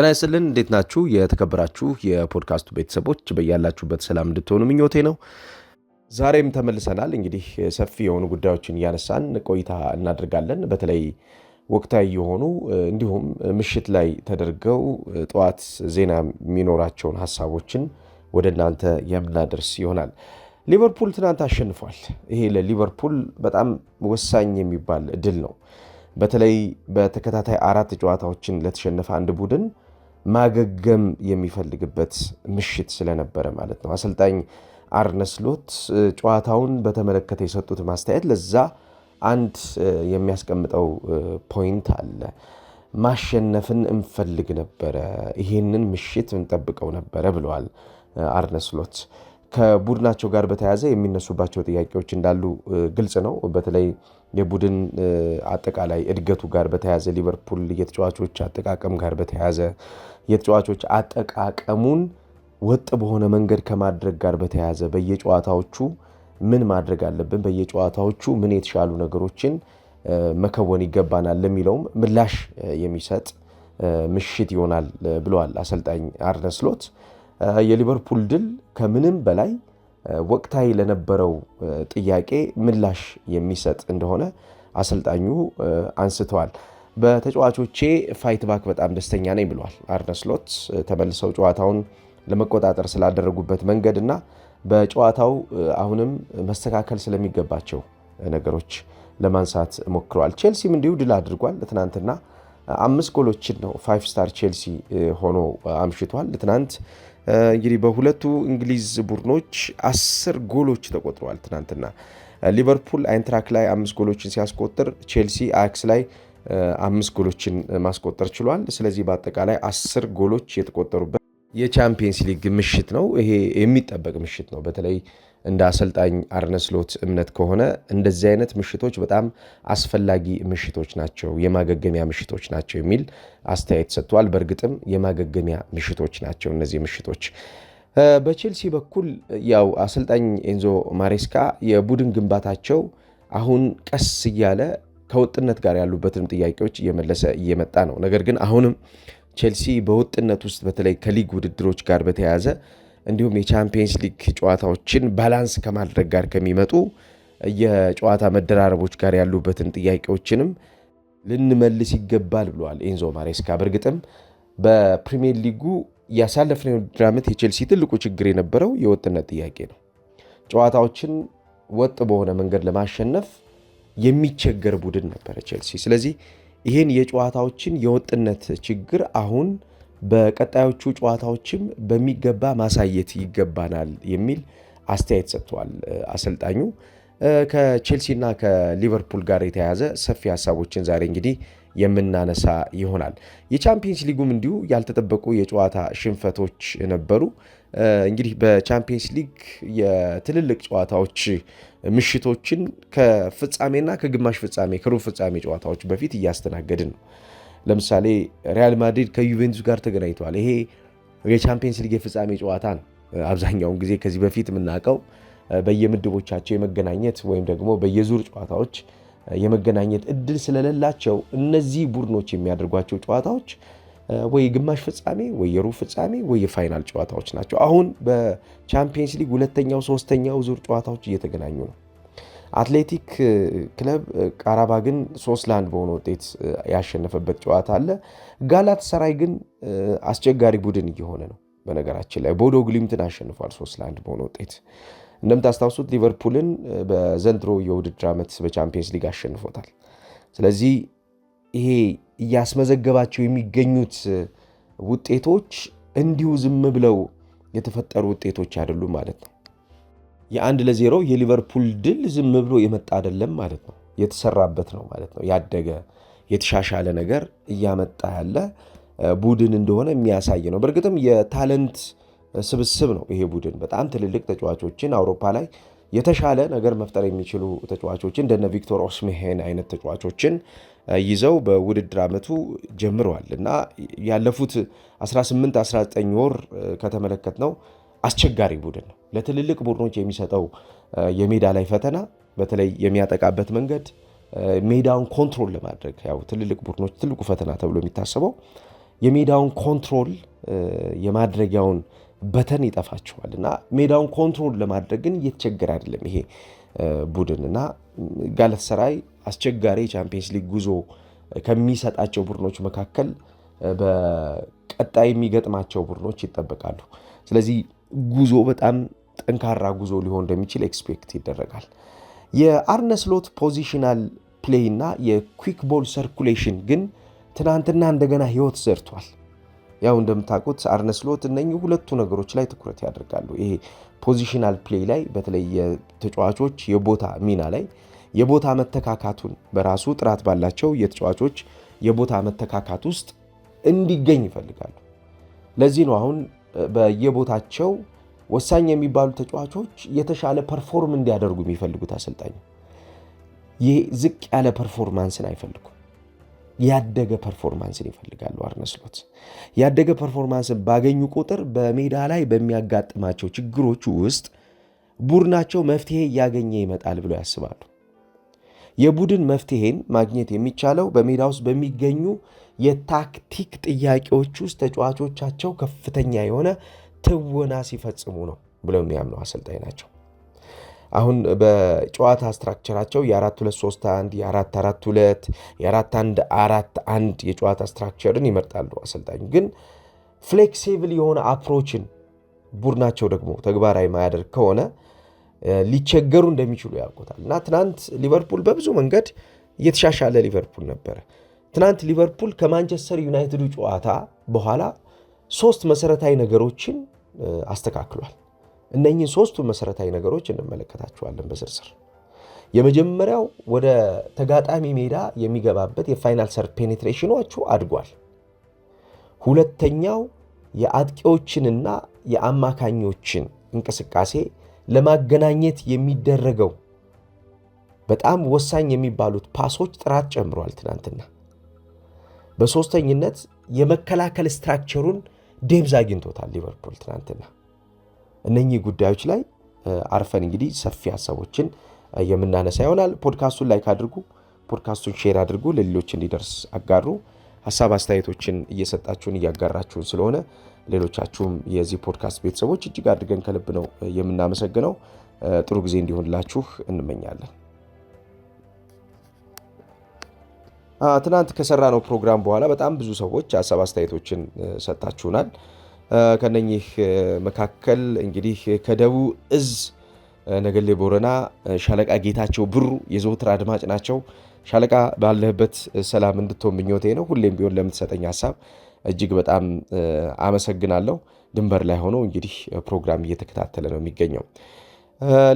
ጤና ይስጥልን። እንዴት ናችሁ? የተከበራችሁ የፖድካስቱ ቤተሰቦች በያላችሁበት ሰላም እንድትሆኑ ምኞቴ ነው። ዛሬም ተመልሰናል። እንግዲህ ሰፊ የሆኑ ጉዳዮችን እያነሳን ቆይታ እናደርጋለን። በተለይ ወቅታዊ የሆኑ እንዲሁም ምሽት ላይ ተደርገው ጠዋት ዜና የሚኖራቸውን ሀሳቦችን ወደ እናንተ የምናደርስ ይሆናል። ሊቨርፑል ትናንት አሸንፏል። ይሄ ለሊቨርፑል በጣም ወሳኝ የሚባል ድል ነው። በተለይ በተከታታይ አራት ጨዋታዎችን ለተሸነፈ አንድ ቡድን ማገገም የሚፈልግበት ምሽት ስለነበረ ማለት ነው። አሰልጣኝ አርነስሎት ጨዋታውን በተመለከተ የሰጡት ማስተያየት ለዛ አንድ የሚያስቀምጠው ፖይንት አለ። ማሸነፍን እንፈልግ ነበረ፣ ይሄንን ምሽት እንጠብቀው ነበረ ብለዋል አርነስሎት። ከቡድናቸው ጋር በተያያዘ የሚነሱባቸው ጥያቄዎች እንዳሉ ግልጽ ነው። በተለይ የቡድን አጠቃላይ እድገቱ ጋር በተያያዘ ሊቨርፑል የተጫዋቾች አጠቃቀም ጋር በተያያዘ የተጫዋቾች አጠቃቀሙን ወጥ በሆነ መንገድ ከማድረግ ጋር በተያያዘ በየጨዋታዎቹ ምን ማድረግ አለብን፣ በየጨዋታዎቹ ምን የተሻሉ ነገሮችን መከወን ይገባናል ለሚለውም ምላሽ የሚሰጥ ምሽት ይሆናል ብለዋል አሰልጣኝ አርነ ስሎት። የሊቨርፑል ድል ከምንም በላይ ወቅታዊ ለነበረው ጥያቄ ምላሽ የሚሰጥ እንደሆነ አሰልጣኙ አንስተዋል። በተጫዋቾቼ ፋይት ባክ በጣም ደስተኛ ነኝ ብለዋል። አርነ ስሎት ተመልሰው ጨዋታውን ለመቆጣጠር ስላደረጉበት መንገድ እና በጨዋታው አሁንም መስተካከል ስለሚገባቸው ነገሮች ለማንሳት ሞክረዋል። ቼልሲም እንዲሁ ድል አድርጓል። ትናንትና አምስት ጎሎችን ነው ፋይቭ ስታር ቼልሲ ሆኖ አምሽቷል። ትናንት እንግዲህ በሁለቱ እንግሊዝ ቡድኖች አስር ጎሎች ተቆጥረዋል። ትናንትና ሊቨርፑል አይንትራክ ላይ አምስት ጎሎችን ሲያስቆጥር ቼልሲ አያክስ ላይ አምስት ጎሎችን ማስቆጠር ችሏል። ስለዚህ በአጠቃላይ አስር ጎሎች የተቆጠሩበት የቻምፒየንስ ሊግ ምሽት ነው። ይሄ የሚጠበቅ ምሽት ነው በተለይ እንደ አሰልጣኝ አርነስሎት እምነት ከሆነ እንደዚህ አይነት ምሽቶች በጣም አስፈላጊ ምሽቶች ናቸው፣ የማገገሚያ ምሽቶች ናቸው የሚል አስተያየት ሰጥቷል። በእርግጥም የማገገሚያ ምሽቶች ናቸው እነዚህ ምሽቶች። በቼልሲ በኩል ያው አሰልጣኝ ኤንዞ ማሬስካ የቡድን ግንባታቸው አሁን ቀስ እያለ ከወጥነት ጋር ያሉበትንም ጥያቄዎች እየመለሰ እየመጣ ነው። ነገር ግን አሁንም ቼልሲ በወጥነት ውስጥ በተለይ ከሊግ ውድድሮች ጋር በተያያዘ እንዲሁም የቻምፒየንስ ሊግ ጨዋታዎችን ባላንስ ከማድረግ ጋር ከሚመጡ የጨዋታ መደራረቦች ጋር ያሉበትን ጥያቄዎችንም ልንመልስ ይገባል ብለዋል ኤንዞ ማሬስካ። በእርግጥም በፕሪሚየር ሊጉ ያሳለፍነው የውድድር ዓመት የቼልሲ ትልቁ ችግር የነበረው የወጥነት ጥያቄ ነው። ጨዋታዎችን ወጥ በሆነ መንገድ ለማሸነፍ የሚቸገር ቡድን ነበረ ቼልሲ። ስለዚህ ይህን የጨዋታዎችን የወጥነት ችግር አሁን በቀጣዮቹ ጨዋታዎችም በሚገባ ማሳየት ይገባናል የሚል አስተያየት ሰጥቷል አሰልጣኙ። ከቼልሲና ከሊቨርፑል ጋር የተያያዘ ሰፊ ሀሳቦችን ዛሬ እንግዲህ የምናነሳ ይሆናል። የቻምፒየንስ ሊጉም እንዲሁ ያልተጠበቁ የጨዋታ ሽንፈቶች ነበሩ። እንግዲህ በቻምፒየንስ ሊግ የትልልቅ ጨዋታዎች ምሽቶችን ከፍጻሜና ከግማሽ ፍጻሜ ከሩብ ፍጻሜ ጨዋታዎች በፊት እያስተናገድን ነው። ለምሳሌ ሪያል ማድሪድ ከዩቬንቱስ ጋር ተገናኝተዋል። ይሄ የቻምፒየንስ ሊግ የፍጻሜ ጨዋታ ነው። አብዛኛውን ጊዜ ከዚህ በፊት የምናውቀው በየምድቦቻቸው የመገናኘት ወይም ደግሞ በየዙር ጨዋታዎች የመገናኘት እድል ስለሌላቸው እነዚህ ቡድኖች የሚያደርጓቸው ጨዋታዎች ወይ ግማሽ ፍጻሜ ወይ የሩብ ፍጻሜ ወይ የፋይናል ጨዋታዎች ናቸው። አሁን በቻምፒየንስ ሊግ ሁለተኛው ሶስተኛው ዙር ጨዋታዎች እየተገናኙ ነው። አትሌቲክ ክለብ ቃራባግን ሶስት ለአንድ በሆነ ውጤት ያሸነፈበት ጨዋታ አለ። ጋላት ሰራይ ግን አስቸጋሪ ቡድን እየሆነ ነው። በነገራችን ላይ ቦዶ ግሊምትን አሸንፏል ሶስት ለአንድ በሆነ ውጤት። እንደምታስታውሱት ሊቨርፑልን በዘንድሮ የውድድር ዓመት በቻምፒየንስ ሊግ አሸንፎታል። ስለዚህ ይሄ እያስመዘገባቸው የሚገኙት ውጤቶች እንዲሁ ዝም ብለው የተፈጠሩ ውጤቶች አይደሉም ማለት ነው። የአንድ ለዜሮ የሊቨርፑል ድል ዝም ብሎ የመጣ አይደለም ማለት ነው። የተሰራበት ነው ማለት ነው። ያደገ የተሻሻለ ነገር እያመጣ ያለ ቡድን እንደሆነ የሚያሳይ ነው። በእርግጥም የታለንት ስብስብ ነው ይሄ ቡድን። በጣም ትልልቅ ተጫዋቾችን አውሮፓ ላይ የተሻለ ነገር መፍጠር የሚችሉ ተጫዋቾችን እንደነ ቪክቶር ኦስሜሄን አይነት ተጫዋቾችን ይዘው በውድድር ዓመቱ ጀምረዋል እና ያለፉት 18 19 ወር ከተመለከት ነው አስቸጋሪ ቡድን ነው። ለትልልቅ ቡድኖች የሚሰጠው የሜዳ ላይ ፈተና በተለይ የሚያጠቃበት መንገድ ሜዳውን ኮንትሮል ለማድረግ ያው ትልልቅ ቡድኖች ትልቁ ፈተና ተብሎ የሚታሰበው የሜዳውን ኮንትሮል የማድረጊያውን በተን ይጠፋቸዋል እና ሜዳውን ኮንትሮል ለማድረግ ግን እየተቸገረ አይደለም ይሄ ቡድን እና ሰራይ አስቸጋሪ የቻምፒየንስ ሊግ ጉዞ ከሚሰጣቸው ቡድኖች መካከል በቀጣይ የሚገጥማቸው ቡድኖች ይጠበቃሉ። ስለዚህ ጉዞ በጣም ጠንካራ ጉዞ ሊሆን እንደሚችል ኤክስፔክት ይደረጋል። የአርነስሎት ፖዚሽናል ፕሌይ እና የኩክ ቦል ሰርኩሌሽን ግን ትናንትና እንደገና ህይወት ዘርቷል። ያው እንደምታውቁት አርነስሎት እነኚህ ሁለቱ ነገሮች ላይ ትኩረት ያደርጋሉ። ይሄ ፖዚሽናል ፕሌይ ላይ በተለይ የተጫዋቾች የቦታ ሚና ላይ የቦታ መተካካቱን በራሱ ጥራት ባላቸው የተጫዋቾች የቦታ መተካካት ውስጥ እንዲገኝ ይፈልጋሉ። ለዚህ ነው አሁን በየቦታቸው ወሳኝ የሚባሉ ተጫዋቾች የተሻለ ፐርፎርም እንዲያደርጉ የሚፈልጉት አሰልጣኝ ይህ ዝቅ ያለ ፐርፎርማንስን አይፈልጉም። ያደገ ፐርፎርማንስን ይፈልጋሉ። አርነ ስሎት ያደገ ፐርፎርማንስን ባገኙ ቁጥር በሜዳ ላይ በሚያጋጥማቸው ችግሮች ውስጥ ቡድናቸው መፍትሄ እያገኘ ይመጣል ብለው ያስባሉ። የቡድን መፍትሄን ማግኘት የሚቻለው በሜዳ ውስጥ በሚገኙ የታክቲክ ጥያቄዎች ውስጥ ተጫዋቾቻቸው ከፍተኛ የሆነ ትወና ሲፈጽሙ ነው ብለው የሚያምነው አሰልጣኝ ናቸው። አሁን በጨዋታ ስትራክቸራቸው የ4231 የ442 የ4141 የጨዋታ ስትራክቸርን ይመርጣሉ። አሰልጣኙ ግን ፍሌክሲብል የሆነ አፕሮችን ቡድናቸው ደግሞ ተግባራዊ ማያደርግ ከሆነ ሊቸገሩ እንደሚችሉ ያውቁታል እና ትናንት ሊቨርፑል በብዙ መንገድ እየተሻሻለ ሊቨርፑል ነበረ። ትናንት ሊቨርፑል ከማንቸስተር ዩናይትዱ ጨዋታ በኋላ ሶስት መሰረታዊ ነገሮችን አስተካክሏል። እነኚህን ሶስቱ መሰረታዊ ነገሮች እንመለከታቸዋለን በዝርዝር። የመጀመሪያው ወደ ተጋጣሚ ሜዳ የሚገባበት የፋይናል ሰርድ ፔኔትሬሽኖቹ አድጓል። ሁለተኛው የአጥቂዎችንና የአማካኞችን እንቅስቃሴ ለማገናኘት የሚደረገው በጣም ወሳኝ የሚባሉት ፓሶች ጥራት ጨምሯል። ትናንትና በሶስተኝነት የመከላከል ስትራክቸሩን ዴብዝ አግኝቶታል ሊቨርፑል ትናንትና። እነኚህ ጉዳዮች ላይ አርፈን እንግዲህ ሰፊ ሀሳቦችን የምናነሳ ይሆናል። ፖድካስቱን ላይክ አድርጉ፣ ፖድካስቱን ሼር አድርጉ፣ ለሌሎች እንዲደርስ አጋሩ። ሀሳብ አስተያየቶችን እየሰጣችሁን እያጋራችሁን ስለሆነ ሌሎቻችሁም የዚህ ፖድካስት ቤተሰቦች እጅግ አድርገን ከልብ ነው የምናመሰግነው። ጥሩ ጊዜ እንዲሆንላችሁ እንመኛለን። ትናንት ከሰራነው ፕሮግራም በኋላ በጣም ብዙ ሰዎች ሀሳብ አስተያየቶችን ሰጣችሁናል። ከነኚህ መካከል እንግዲህ ከደቡብ እዝ ነገሌ ቦረና ሻለቃ ጌታቸው ብሩ የዘወትር አድማጭ ናቸው። ሻለቃ ባለህበት ሰላም እንድትሆን ምኞቴ ነው። ሁሌም ቢሆን ለምትሰጠኝ ሀሳብ እጅግ በጣም አመሰግናለሁ። ድንበር ላይ ሆኖ እንግዲህ ፕሮግራም እየተከታተለ ነው የሚገኘው።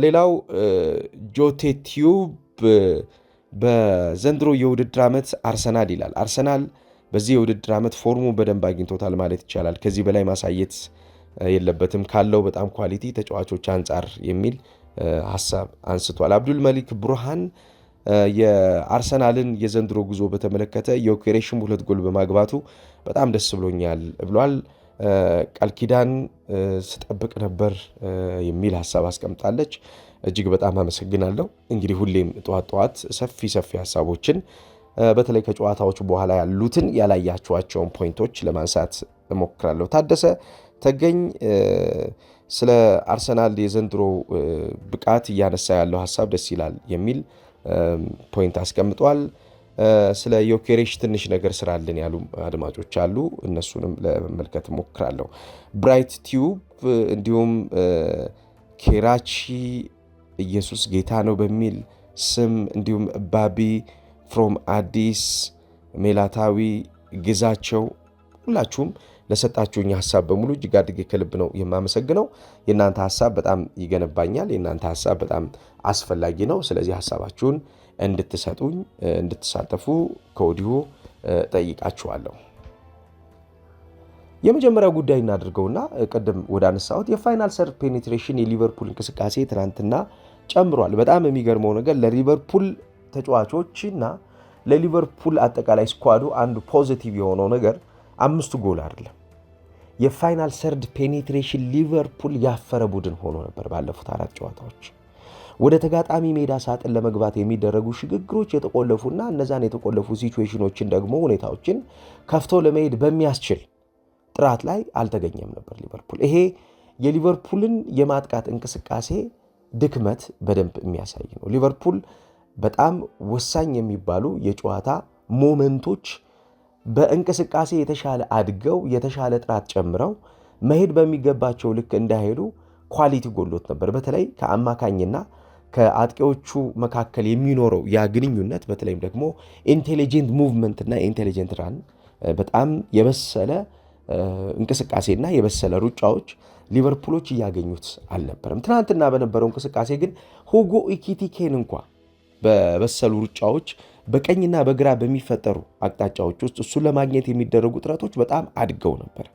ሌላው ጆቴ ቲዩብ በዘንድሮ የውድድር ዓመት አርሰናል ይላል። አርሰናል በዚህ የውድድር ዓመት ፎርሙ በደንብ አግኝቶታል ማለት ይቻላል። ከዚህ በላይ ማሳየት የለበትም ካለው በጣም ኳሊቲ ተጫዋቾች አንጻር የሚል ሀሳብ አንስቷል። አብዱል መሊክ ብሩሃን የአርሰናልን የዘንድሮ ጉዞ በተመለከተ የኦፔሬሽን ሁለት ጎል በማግባቱ በጣም ደስ ብሎኛል ብሏል። ቃል ኪዳን ስጠብቅ ነበር የሚል ሀሳብ አስቀምጣለች። እጅግ በጣም አመሰግናለሁ። እንግዲህ ሁሌም ጠዋት ጠዋት ሰፊ ሰፊ ሀሳቦችን በተለይ ከጨዋታዎች በኋላ ያሉትን ያላያችኋቸውን ፖይንቶች ለማንሳት እሞክራለሁ። ታደሰ ተገኝ ስለ አርሰናል የዘንድሮ ብቃት እያነሳ ያለው ሀሳብ ደስ ይላል የሚል ፖይንት አስቀምጧል። ስለ ዮኬሬሽ ትንሽ ነገር ስራልን ያሉ አድማጮች አሉ። እነሱንም ለመመልከት ሞክራለሁ። ብራይት ቲዩብ እንዲሁም ኬራቺ ኢየሱስ ጌታ ነው በሚል ስም እንዲሁም ባቢ ፍሮም አዲስ ሜላታዊ ግዛቸው ሁላችሁም ለሰጣችሁኝ ሀሳብ በሙሉ እጅግ አድርጌ ከልብ ነው የማመሰግነው። የእናንተ ሀሳብ በጣም ይገነባኛል። የእናንተ ሀሳብ በጣም አስፈላጊ ነው። ስለዚህ ሀሳባችሁን እንድትሰጡኝ፣ እንድትሳተፉ ከወዲሁ ጠይቃችኋለሁ። የመጀመሪያው ጉዳይ እናድርገውና ቅድም ወደ አነሳሁት የፋይናል ሰርድ ፔኔትሬሽን የሊቨርፑል እንቅስቃሴ ትናንትና ጨምሯል። በጣም የሚገርመው ነገር ለሊቨርፑል ተጫዋቾችና ለሊቨርፑል አጠቃላይ ስኳዱ አንዱ ፖዚቲቭ የሆነው ነገር አምስቱ ጎል አይደለም የፋይናል ሰርድ ፔኔትሬሽን ሊቨርፑል ያፈረ ቡድን ሆኖ ነበር። ባለፉት አራት ጨዋታዎች ወደ ተጋጣሚ ሜዳ ሳጥን ለመግባት የሚደረጉ ሽግግሮች የተቆለፉና እነዛን የተቆለፉ ሲቹዌሽኖችን ደግሞ ሁኔታዎችን ከፍቶ ለመሄድ በሚያስችል ጥራት ላይ አልተገኘም ነበር ሊቨርፑል። ይሄ የሊቨርፑልን የማጥቃት እንቅስቃሴ ድክመት በደንብ የሚያሳይ ነው። ሊቨርፑል በጣም ወሳኝ የሚባሉ የጨዋታ ሞመንቶች በእንቅስቃሴ የተሻለ አድገው የተሻለ ጥራት ጨምረው መሄድ በሚገባቸው ልክ እንዳይሄዱ ኳሊቲ ጎሎት ነበር። በተለይ ከአማካኝና ከአጥቂዎቹ መካከል የሚኖረው ያ ግንኙነት በተለይም ደግሞ ኢንቴሊጀንት እና ኢንቴሊጀንት ራን በጣም የበሰለ እንቅስቃሴና የበሰለ ሩጫዎች ሊቨርፑሎች እያገኙት አልነበረም። ትናንትና በነበረው እንቅስቃሴ ግን ሁጎ ኢኪቲኬን እንኳ በበሰሉ ሩጫዎች በቀኝና በግራ በሚፈጠሩ አቅጣጫዎች ውስጥ እሱን ለማግኘት የሚደረጉ ጥረቶች በጣም አድገው ነበር።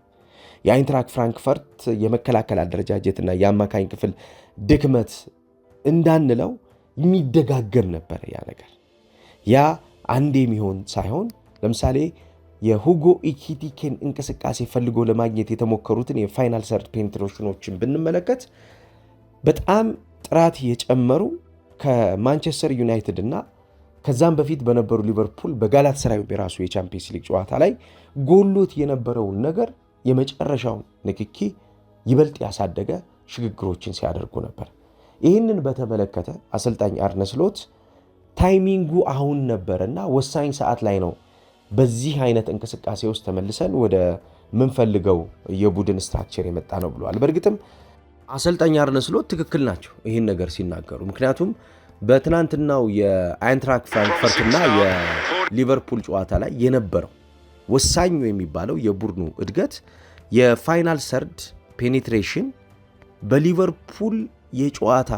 የአይንትራክ ፍራንክፈርት የመከላከል አደረጃጀትና የአማካኝ ክፍል ድክመት እንዳንለው የሚደጋገም ነበር። ያ ነገር ያ አንድ የሚሆን ሳይሆን ለምሳሌ የሁጎ ኢኪቲኬን እንቅስቃሴ ፈልጎ ለማግኘት የተሞከሩትን የፋይናል ሰርድ ፔኔትሬሽኖችን ብንመለከት በጣም ጥራት የጨመሩ ከማንቸስተር ዩናይትድ እና ከዛም በፊት በነበሩ ሊቨርፑል በጋላት ሰራዊ በራሱ የቻምፒየንስ ሊግ ጨዋታ ላይ ጎሎት የነበረውን ነገር የመጨረሻውን ንክኪ ይበልጥ ያሳደገ ሽግግሮችን ሲያደርጉ ነበር። ይህንን በተመለከተ አሰልጣኝ አርነ ስሎት ታይሚንጉ አሁን እና ወሳኝ ሰዓት ላይ ነው በዚህ አይነት እንቅስቃሴ ውስጥ ተመልሰን ወደ ምንፈልገው የቡድን ስትራክቸር የመጣ ነው ብለዋል። በእርግጥም አሰልጣኝ አርነ ስሎት ትክክል ናቸው ይህን ነገር ሲናገሩ ምክንያቱም በትናንትናው የአይንትራክ ፍራንክፈርትና የሊቨርፑል ጨዋታ ላይ የነበረው ወሳኙ የሚባለው የቡድኑ እድገት የፋይናል ሰርድ ፔኔትሬሽን በሊቨርፑል የጨዋታ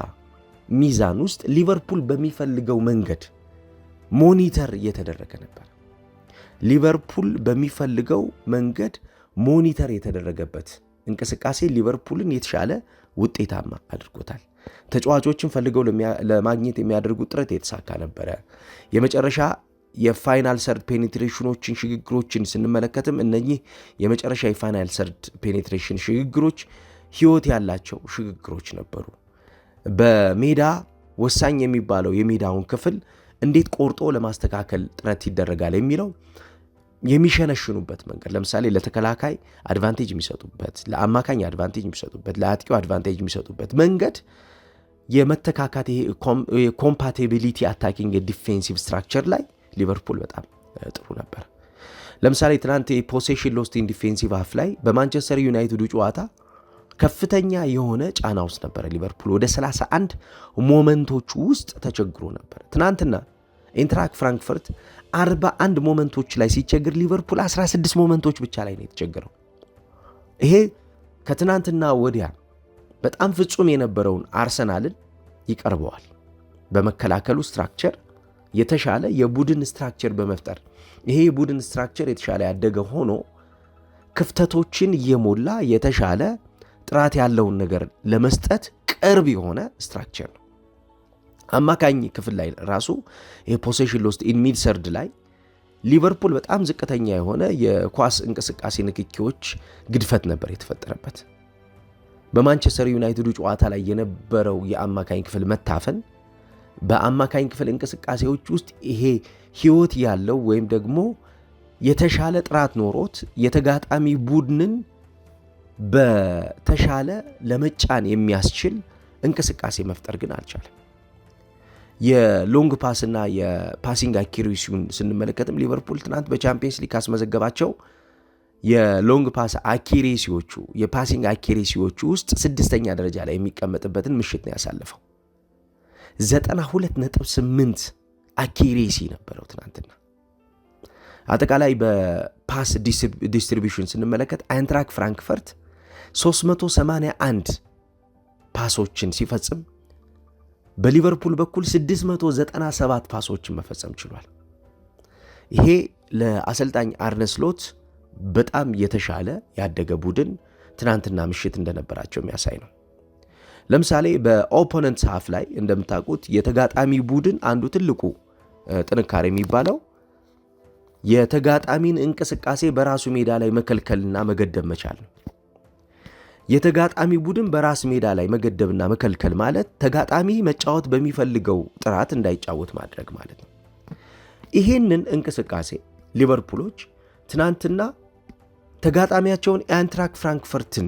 ሚዛን ውስጥ ሊቨርፑል በሚፈልገው መንገድ ሞኒተር እየተደረገ ነበር። ሊቨርፑል በሚፈልገው መንገድ ሞኒተር የተደረገበት እንቅስቃሴ ሊቨርፑልን የተሻለ ውጤታማ አድርጎታል። ተጫዋቾችን ፈልገው ለማግኘት የሚያደርጉት ጥረት የተሳካ ነበረ። የመጨረሻ የፋይናል ሰርድ ፔኔትሬሽኖችን ሽግግሮችን ስንመለከትም እነኚህ የመጨረሻ የፋይናል ሰርድ ፔኔትሬሽን ሽግግሮች ህይወት ያላቸው ሽግግሮች ነበሩ። በሜዳ ወሳኝ የሚባለው የሜዳውን ክፍል እንዴት ቆርጦ ለማስተካከል ጥረት ይደረጋል የሚለው የሚሸነሽኑበት መንገድ ለምሳሌ ለተከላካይ አድቫንቴጅ የሚሰጡበት፣ ለአማካኝ አድቫንቴጅ የሚሰጡበት፣ ለአጥቂው አድቫንቴጅ የሚሰጡበት መንገድ የመተካካት ይሄ ኮምፓቲቢሊቲ አታኪንግ ዲፌንሲቭ ስትራክቸር ላይ ሊቨርፑል በጣም ጥሩ ነበር። ለምሳሌ ትናንት የፖሴሽን ሎስቲን ዲፌንሲቭ ሀፍ ላይ በማንቸስተር ዩናይትዱ ጨዋታ ከፍተኛ የሆነ ጫና ውስጥ ነበረ ሊቨርፑል። ወደ 31 ሞመንቶች ውስጥ ተቸግሮ ነበር። ትናንትና ኢንትራክ ፍራንክፈርት 41 ሞመንቶች ላይ ሲቸግር ሊቨርፑል 16 ሞመንቶች ብቻ ላይ ነው የተቸገረው። ይሄ ከትናንትና ወዲያ በጣም ፍጹም የነበረውን አርሰናልን ይቀርበዋል። በመከላከሉ ስትራክቸር የተሻለ የቡድን ስትራክቸር በመፍጠር ይሄ የቡድን ስትራክቸር የተሻለ ያደገ ሆኖ ክፍተቶችን እየሞላ የተሻለ ጥራት ያለውን ነገር ለመስጠት ቅርብ የሆነ ስትራክቸር ነው። አማካኝ ክፍል ላይ ራሱ የፖሴሽን ሎስት ኢን ሰርድ ላይ ሊቨርፑል በጣም ዝቅተኛ የሆነ የኳስ እንቅስቃሴ ንክኪዎች ግድፈት ነበር የተፈጠረበት። በማንቸስተር ዩናይትዱ ጨዋታ ላይ የነበረው የአማካኝ ክፍል መታፈን በአማካኝ ክፍል እንቅስቃሴዎች ውስጥ ይሄ ህይወት ያለው ወይም ደግሞ የተሻለ ጥራት ኖሮት የተጋጣሚ ቡድንን በተሻለ ለመጫን የሚያስችል እንቅስቃሴ መፍጠር ግን አልቻለም። የሎንግ ፓስና የፓሲንግ አኪሬሲውን ስንመለከትም ሊቨርፑል ትናንት በቻምፒየንስ ሊግ ካስመዘገባቸው የሎንግ ፓስ አኪሬሲዎቹ የፓሲንግ አኪሬሲዎቹ ውስጥ ስድስተኛ ደረጃ ላይ የሚቀመጥበትን ምሽት ነው ያሳለፈው። ስምንት አኪሬሲ ነበረው ትናንትና። አጠቃላይ በፓስ ዲስትሪቢሽን ስንመለከት አይንትራክ ፍራንክፈርት 381 ፓሶችን ሲፈጽም በሊቨርፑል በኩል 697 ፓሶችን መፈጸም ችሏል። ይሄ ለአሰልጣኝ አርነስሎት በጣም የተሻለ ያደገ ቡድን ትናንትና ምሽት እንደነበራቸው የሚያሳይ ነው። ለምሳሌ በኦፖነንት ሀፍ ላይ እንደምታውቁት የተጋጣሚ ቡድን አንዱ ትልቁ ጥንካሬ የሚባለው የተጋጣሚን እንቅስቃሴ በራሱ ሜዳ ላይ መከልከልና መገደብ መቻል ነው። የተጋጣሚ ቡድን በራስ ሜዳ ላይ መገደብና መከልከል ማለት ተጋጣሚ መጫወት በሚፈልገው ጥራት እንዳይጫወት ማድረግ ማለት ነው። ይሄንን እንቅስቃሴ ሊቨርፑሎች ትናንትና ተጋጣሚያቸውን ኤንትራክ ፍራንክፈርትን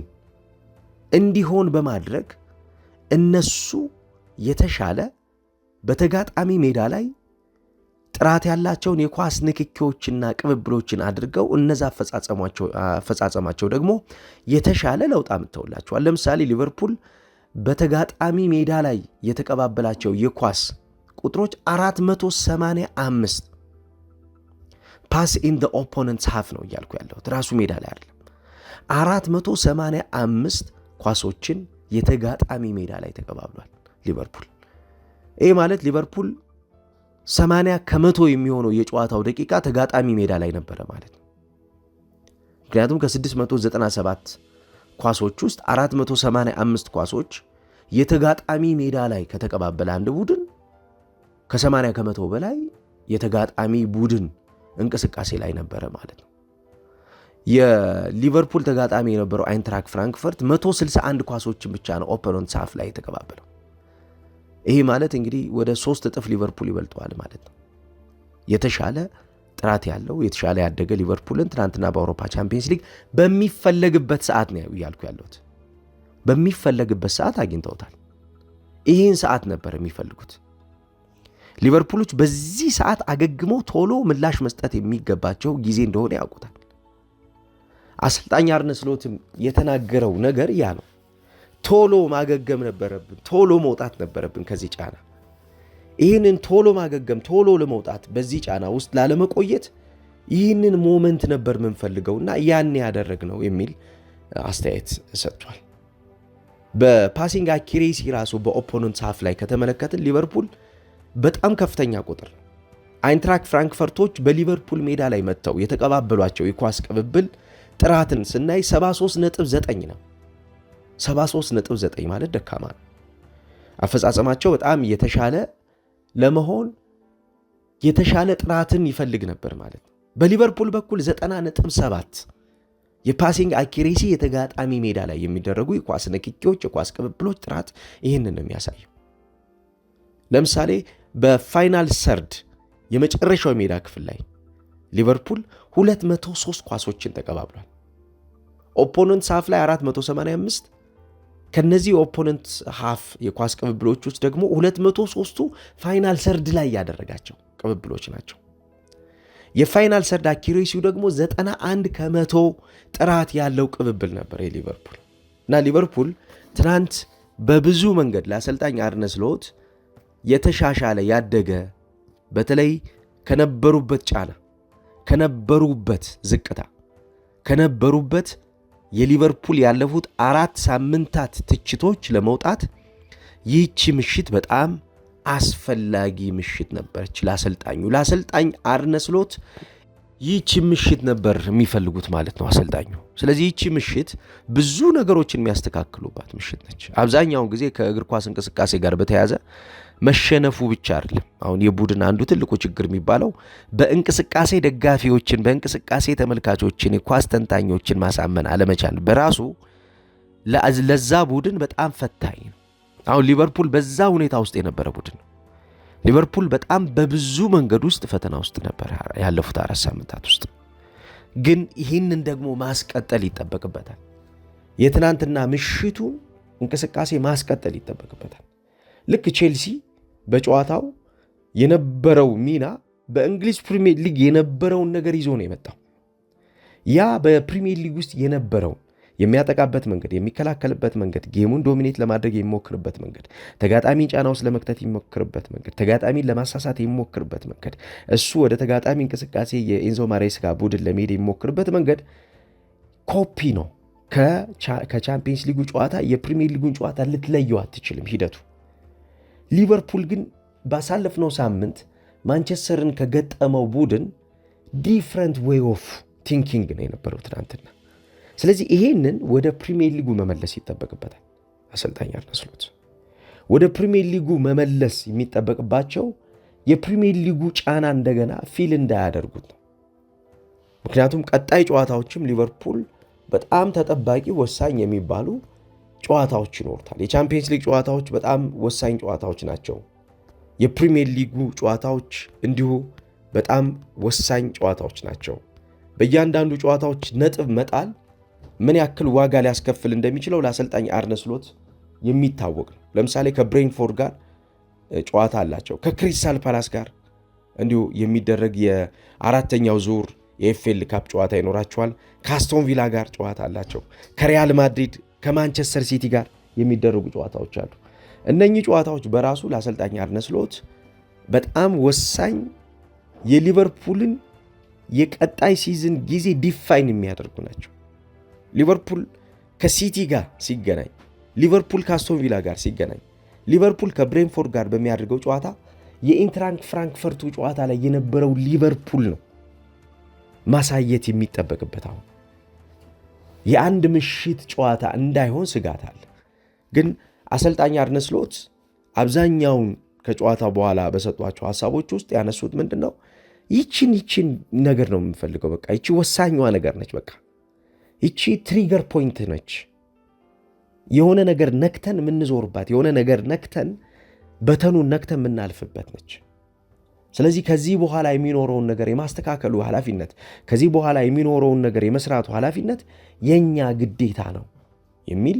እንዲሆን በማድረግ እነሱ የተሻለ በተጋጣሚ ሜዳ ላይ ጥራት ያላቸውን የኳስ ንክኪዎችና ቅብብሎችን አድርገው እነዛ አፈጻጸማቸው ደግሞ የተሻለ ለውጥ አምጥተውላቸዋል። ለምሳሌ ሊቨርፑል በተጋጣሚ ሜዳ ላይ የተቀባበላቸው የኳስ ቁጥሮች 485 ፓስ ኢን ዘ ኦፖነንት ሀፍ ነው እያልኩ ያለሁት ራሱ ሜዳ ላይ አይደለም። 485 ኳሶችን የተጋጣሚ ሜዳ ላይ ተቀባብሏል ሊቨርፑል። ይህ ማለት ሊቨርፑል 80 ከመቶ የሚሆነው የጨዋታው ደቂቃ ተጋጣሚ ሜዳ ላይ ነበረ ማለት ነው። ምክንያቱም ከ697 ኳሶች ውስጥ 485 ኳሶች የተጋጣሚ ሜዳ ላይ ከተቀባበለ አንድ ቡድን ከ80 ከመቶ በላይ የተጋጣሚ ቡድን እንቅስቃሴ ላይ ነበረ ማለት ነው። የሊቨርፑል ተጋጣሚ የነበረው አይንትራክ ፍራንክፈርት 161 ኳሶችን ብቻ ነው ኦፐን ሳፍ ላይ የተቀባበለው። ይሄ ማለት እንግዲህ ወደ ሶስት እጥፍ ሊቨርፑል ይበልጠዋል ማለት ነው። የተሻለ ጥራት ያለው የተሻለ ያደገ ሊቨርፑልን ትናንትና በአውሮፓ ቻምፒየንስ ሊግ በሚፈለግበት ሰዓት ነው እያልኩ ያለሁት፣ በሚፈለግበት ሰዓት አግኝተውታል። ይህን ሰዓት ነበር የሚፈልጉት። ሊቨርፑሎች በዚህ ሰዓት አገግመው ቶሎ ምላሽ መስጠት የሚገባቸው ጊዜ እንደሆነ ያውቁታል። አሰልጣኝ አርነ ስሎትም የተናገረው ነገር ያ ነው። ቶሎ ማገገም ነበረብን፣ ቶሎ መውጣት ነበረብን ከዚህ ጫና። ይህንን ቶሎ ማገገም፣ ቶሎ ለመውጣት፣ በዚህ ጫና ውስጥ ላለመቆየት ይህንን ሞመንት ነበር የምንፈልገውና ያን ያደረግ ነው የሚል አስተያየት ሰጥቷል። በፓሲንግ አኪሬሲ ራሱ በኦፖነንት ሳፍ ላይ ከተመለከትን ሊቨርፑል በጣም ከፍተኛ ቁጥር አይንትራክ ፍራንክፈርቶች በሊቨርፑል ሜዳ ላይ መጥተው የተቀባበሏቸው የኳስ ቅብብል ጥራትን ስናይ 73.9 ነው። 73.9 ማለት ደካማ ነው። አፈጻጸማቸው በጣም የተሻለ ለመሆን የተሻለ ጥራትን ይፈልግ ነበር ማለት ነው። በሊቨርፑል በኩል 90.7 የፓሲንግ አኪሬሲ የተጋጣሚ ሜዳ ላይ የሚደረጉ የኳስ ንክኪዎች፣ የኳስ ቅብብሎች ጥራት ይህንን ነው የሚያሳየው። ለምሳሌ በፋይናል ሰርድ የመጨረሻው የሜዳ ክፍል ላይ ሊቨርፑል 203 ኳሶችን ተቀባብሏል። ኦፖነንት ሳፍ ላይ 485 ከነዚህ የኦፖነንት ሀፍ የኳስ ቅብብሎች ውስጥ ደግሞ 203ቱ ፋይናል ሰርድ ላይ ያደረጋቸው ቅብብሎች ናቸው። የፋይናል ሰርድ አኪሬሲው ደግሞ 91 ከመቶ ጥራት ያለው ቅብብል ነበር የሊቨርፑል እና ሊቨርፑል ትናንት በብዙ መንገድ ለአሰልጣኝ አርነ ስሎት የተሻሻለ ያደገ በተለይ ከነበሩበት ጫና፣ ከነበሩበት ዝቅታ፣ ከነበሩበት የሊቨርፑል ያለፉት አራት ሳምንታት ትችቶች ለመውጣት ይህቺ ምሽት በጣም አስፈላጊ ምሽት ነበረች ለአሰልጣኙ። ለአሰልጣኝ አርነ ስሎት ይህቺ ምሽት ነበር የሚፈልጉት ማለት ነው አሰልጣኙ። ስለዚህ ይቺ ምሽት ብዙ ነገሮችን የሚያስተካክሉባት ምሽት ነች። አብዛኛውን ጊዜ ከእግር ኳስ እንቅስቃሴ ጋር በተያያዘ መሸነፉ ብቻ አይደለም። አሁን የቡድን አንዱ ትልቁ ችግር የሚባለው በእንቅስቃሴ ደጋፊዎችን፣ በእንቅስቃሴ ተመልካቾችን፣ የኳስ ተንታኞችን ማሳመን አለመቻል በራሱ ለዛ ቡድን በጣም ፈታኝ ነው። አሁን ሊቨርፑል በዛ ሁኔታ ውስጥ የነበረ ቡድን ነው። ሊቨርፑል በጣም በብዙ መንገድ ውስጥ ፈተና ውስጥ ነበር ያለፉት አራት ሳምንታት ውስጥ። ግን ይህንን ደግሞ ማስቀጠል ይጠበቅበታል። የትናንትና ምሽቱን እንቅስቃሴ ማስቀጠል ይጠበቅበታል። ልክ ቼልሲ በጨዋታው የነበረው ሚና በእንግሊዝ ፕሪሚየር ሊግ የነበረውን ነገር ይዞ ነው የመጣው። ያ በፕሪሚየር ሊግ ውስጥ የነበረውን የሚያጠቃበት መንገድ፣ የሚከላከልበት መንገድ፣ ጌሙን ዶሚኔት ለማድረግ የሚሞክርበት መንገድ፣ ተጋጣሚን ጫና ውስጥ ለመክተት የሚሞክርበት መንገድ፣ ተጋጣሚን ለማሳሳት የሚሞክርበት መንገድ፣ እሱ ወደ ተጋጣሚ እንቅስቃሴ የኤንዞ ማሬስካ ቡድን ለመሄድ የሚሞክርበት መንገድ ኮፒ ነው። ከቻምፒየንስ ሊጉ ጨዋታ የፕሪሚየር ሊጉን ጨዋታ ልትለየው አትችልም ሂደቱ ሊቨርፑል ግን ባሳለፍነው ሳምንት ማንቸስተርን ከገጠመው ቡድን ዲፍረንት ዌይ ኦፍ ቲንኪንግ ነው የነበረው ትናንትና። ስለዚህ ይሄንን ወደ ፕሪሚየር ሊጉ መመለስ ይጠበቅበታል አሰልጣኝ አርነ ስሎት። ወደ ፕሪሚየር ሊጉ መመለስ የሚጠበቅባቸው የፕሪሚየር ሊጉ ጫና እንደገና ፊል እንዳያደርጉት ነው። ምክንያቱም ቀጣይ ጨዋታዎችም ሊቨርፑል በጣም ተጠባቂ ወሳኝ የሚባሉ ጨዋታዎች ይኖሩታል። የቻምፒየንስ ሊግ ጨዋታዎች በጣም ወሳኝ ጨዋታዎች ናቸው። የፕሪሚየር ሊጉ ጨዋታዎች እንዲሁ በጣም ወሳኝ ጨዋታዎች ናቸው። በእያንዳንዱ ጨዋታዎች ነጥብ መጣል ምን ያክል ዋጋ ሊያስከፍል እንደሚችለው ለአሰልጣኝ አርነ ስሎት የሚታወቅ ነው። ለምሳሌ ከብሬንፎርድ ጋር ጨዋታ አላቸው። ከክሪስታል ፓላስ ጋር እንዲሁ የሚደረግ የአራተኛው ዙር የኤፍኤል ካፕ ጨዋታ ይኖራቸዋል። ከአስቶን ቪላ ጋር ጨዋታ አላቸው። ከሪያል ማድሪድ ከማንቸስተር ሲቲ ጋር የሚደረጉ ጨዋታዎች አሉ። እነኚህ ጨዋታዎች በራሱ ለአሰልጣኝ አርነ ስሎት በጣም ወሳኝ የሊቨርፑልን የቀጣይ ሲዝን ጊዜ ዲፋይን የሚያደርጉ ናቸው። ሊቨርፑል ከሲቲ ጋር ሲገናኝ፣ ሊቨርፑል ከአስቶንቪላ ጋር ሲገናኝ፣ ሊቨርፑል ከብሬንፎርድ ጋር በሚያደርገው ጨዋታ የኢንትራንክ ፍራንክፈርቱ ጨዋታ ላይ የነበረው ሊቨርፑል ነው ማሳየት የሚጠበቅበት አሁን የአንድ ምሽት ጨዋታ እንዳይሆን ስጋት አለ። ግን አሰልጣኝ አርነ ስሎት አብዛኛውን ከጨዋታ በኋላ በሰጧቸው ሀሳቦች ውስጥ ያነሱት ምንድን ነው? ይቺን ይቺን ነገር ነው የምንፈልገው። በቃ ይቺ ወሳኛዋ ነገር ነች። በቃ ይቺ ትሪገር ፖይንት ነች። የሆነ ነገር ነክተን የምንዞርባት፣ የሆነ ነገር ነክተን በተኑን ነክተን የምናልፍበት ነች። ስለዚህ ከዚህ በኋላ የሚኖረውን ነገር የማስተካከሉ ኃላፊነት፣ ከዚህ በኋላ የሚኖረውን ነገር የመስራቱ ኃላፊነት የእኛ ግዴታ ነው የሚል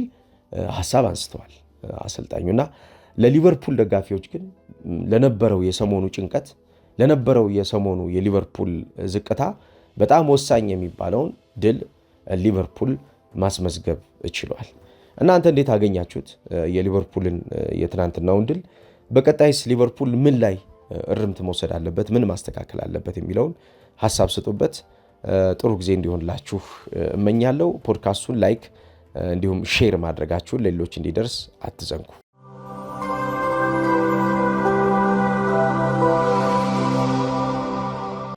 ሀሳብ አንስተዋል እና ለሊቨርፑል ደጋፊዎች ግን ለነበረው የሰሞኑ ጭንቀት ለነበረው የሰሞኑ የሊቨርፑል ዝቅታ በጣም ወሳኝ የሚባለውን ድል ሊቨርፑል ማስመዝገብ ችሏል። እናንተ እንዴት አገኛችሁት የሊቨርፑልን የትናንትናውን ድል? በቀጣይስ ሊቨርፑል ምን ላይ እርምት መውሰድ አለበት፣ ምን ማስተካከል አለበት የሚለውን ሀሳብ ስጡበት። ጥሩ ጊዜ እንዲሆንላችሁ እመኛለሁ። ፖድካስቱን ላይክ እንዲሁም ሼር ማድረጋችሁን ለሌሎች እንዲደርስ አትዘንጉ።